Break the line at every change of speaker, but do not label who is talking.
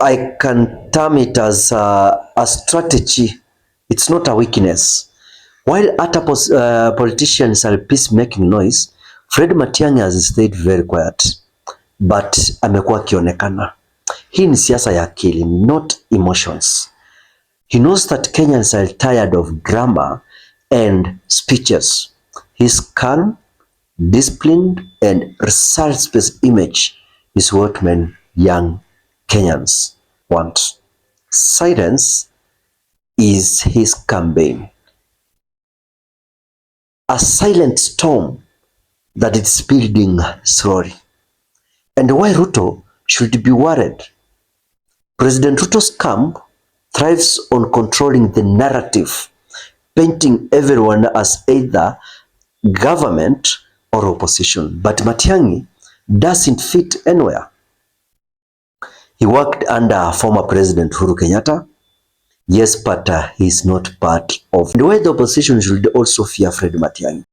I can term it as a, a strategy. It's not a weakness. While other uh, politicians are peace making noise, Fred Matiang'i has stayed very quiet but amekuwa akionekana. Hii ni siasa ya akili, not emotions. He knows that Kenyans are tired of drama and speeches. His calm, disciplined and results-based image is what men young Kenyans want. Silence is his campaign. A silent storm that is building slowly. And why Ruto should be worried? President Ruto's camp thrives on controlling the narrative, painting everyone as either government or opposition. But Matiang'i doesn't fit anywhere. He worked under former President Uhuru Kenyatta. Yes, but uh, he is not part of. And why the opposition should also fear Fred Matiang'i.